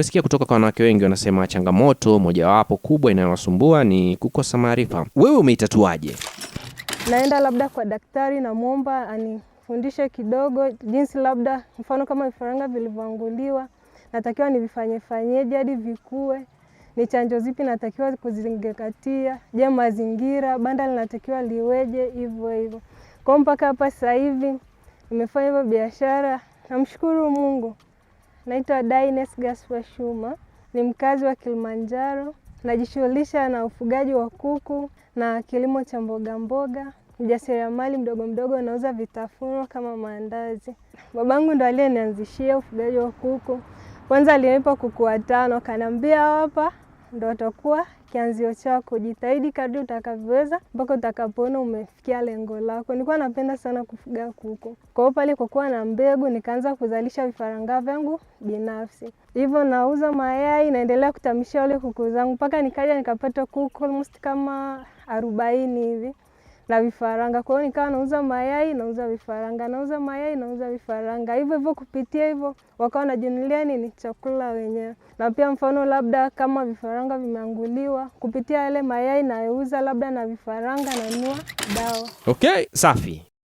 Tumesikia kutoka kwa wanawake wengi wanasema changamoto mojawapo kubwa inayowasumbua ni kukosa maarifa. Wewe umeitatuaje? Naenda labda kwa daktari, namwomba anifundishe kidogo jinsi, labda mfano kama vifaranga vilivyoanguliwa natakiwa nivifanye hadi vikue, ni chanjo zipi natakiwa kuzingekatia, Je, mazingira banda linatakiwa liweje? Hivyo hivyo kwao mpaka hapa sasa hivi nimefanya hivyo biashara, namshukuru Mungu. Naitwa Dines Gaspar Shuma, ni mkazi wa Kilimanjaro. Najishughulisha na ufugaji wa kuku na kilimo cha mbogamboga, mjasiriamali mdogo mdogo, nauza vitafunwa kama maandazi. Babangu ndo aliyenianzishia ufugaji wa kuku. Kwanza alinipa kuku watano, kaniambia hapa ndo utakuwa kianzio chako. Jitahidi kadri utakavyoweza mpaka utakapoona umefikia lengo lako. Nilikuwa napenda sana kufuga kuku, kwa hiyo pale kukuwa na mbegu nikaanza kuzalisha vifaranga vyangu binafsi, hivyo nauza mayai, naendelea kutamisha wale kuku zangu mpaka nikaja nikapata kuku almost kama arobaini hivi na vifaranga. Kwa hiyo nikawa nauza mayai, nauza vifaranga, nauza mayai, nauza vifaranga, hivyo hivyo. Kupitia hivyo, wakawa wanajinulia nini, chakula wenyewe. Na pia mfano, labda kama vifaranga vimeanguliwa, kupitia yale mayai nayouza, labda na vifaranga nanua dawa. Okay, safi.